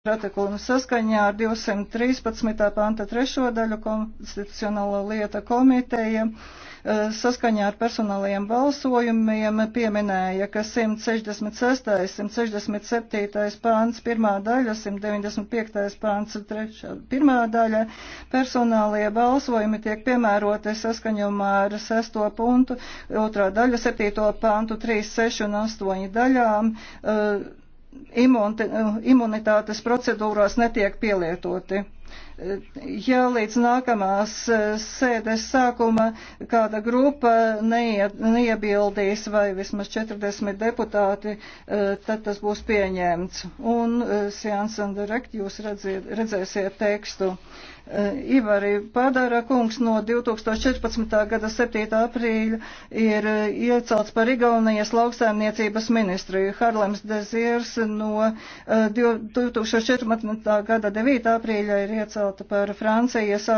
Protokolu nu, saskaņā ar 213. panta trešo daļu konstitucionālo lieta komiteja eh, saskaņā ar personālajiem balsojumiem pieminēja, ka 166. 167. pāns pirmā daļa, 195. pāns trešā pirmā daļa personālajie balsojumi tiek piemēroti saskaņumā ar 6. punktu, otrā daļa, 7. pāntu, 3, 6 un 8 daļām. Uh, imunitātes procedūrās netiek pielietoti. Ja līdz nākamās e, sēdes sākuma kāda grupa neiebildīs vai vismaz 40 deputāti, e, tad tas būs pieņemts. Un Science and Direct jūs redziet, redzēsiet tekstu. E, Ivari Padara kungs no 2014. gada 7. aprīļa ir iecelts par Igaunijas lauksaimniecības ministriju. Harlems Dezirs no 2014. gada 9. aprīļa ir iecelta par Francijas